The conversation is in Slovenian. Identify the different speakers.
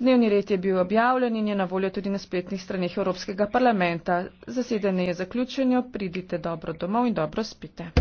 Speaker 1: Dnevni red je bil objavljen in je na voljo tudi na spletnih straneh Evropskega parlamenta.
Speaker 2: Zasedanje je zaključeno, pridite dobro domov in dobro spite.